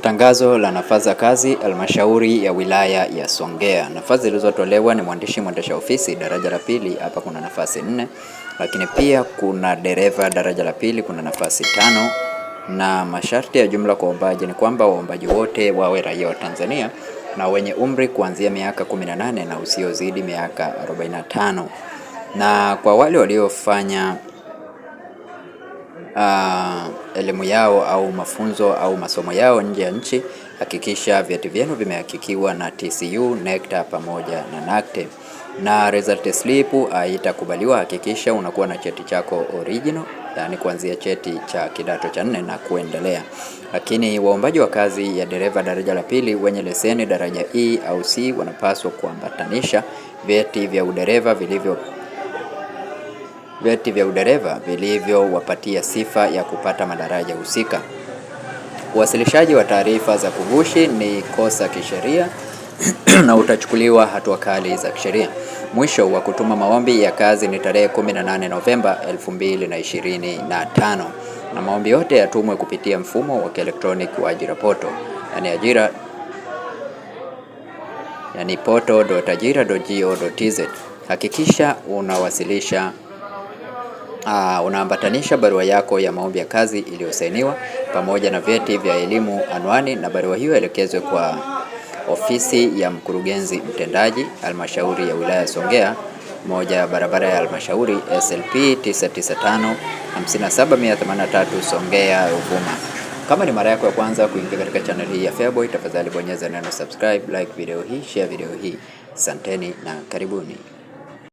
Tangazo la nafasi za kazi halmashauri ya wilaya ya Songea. Nafasi zilizotolewa ni mwandishi mwendesha ofisi daraja la pili, hapa kuna nafasi nne, lakini pia kuna dereva daraja la pili, kuna nafasi tano, na masharti ya jumla kwa waombaji ni kwamba waombaji wote wawe raia wa Tanzania na wenye umri kuanzia miaka 18 na usiozidi miaka 45, na kwa wale waliofanya uh, elimu yao au mafunzo au masomo yao nje ya nchi, hakikisha vyeti vyenu vimehakikiwa na TCU, NECTA pamoja na NACTE na result slip haitakubaliwa. Hakikisha unakuwa na cheti chako original, yani kuanzia cheti cha kidato cha nne na kuendelea. Lakini waombaji wa kazi ya dereva daraja la pili wenye leseni daraja E au C wanapaswa kuambatanisha vyeti vya udereva vilivyo vyeti vya udereva vilivyowapatia sifa ya kupata madaraja husika. Uwasilishaji wa taarifa za kughushi ni kosa kisheria na utachukuliwa hatua kali za kisheria. Mwisho wa kutuma maombi ya kazi ni tarehe 18 Novemba 2025 na maombi yote yatumwe kupitia mfumo wa kielektroniki wa ajira poto, yani ajira yani poto.ajira.go.tz. Hakikisha unawasilisha Uh, unaambatanisha barua yako ya maombi ya kazi iliyosainiwa pamoja na vyeti vya elimu, anwani, na barua hiyo elekezwe kwa ofisi ya mkurugenzi mtendaji halmashauri ya wilaya Songea, moja barabara ya halmashauri SLP 995 57183 Songea, Ruvuma. Kama ni mara yako ya kwanza kuingia katika channel hii ya Feaboy, tafadhali bonyeza neno subscribe, like video hii, share video hii. Santeni na karibuni.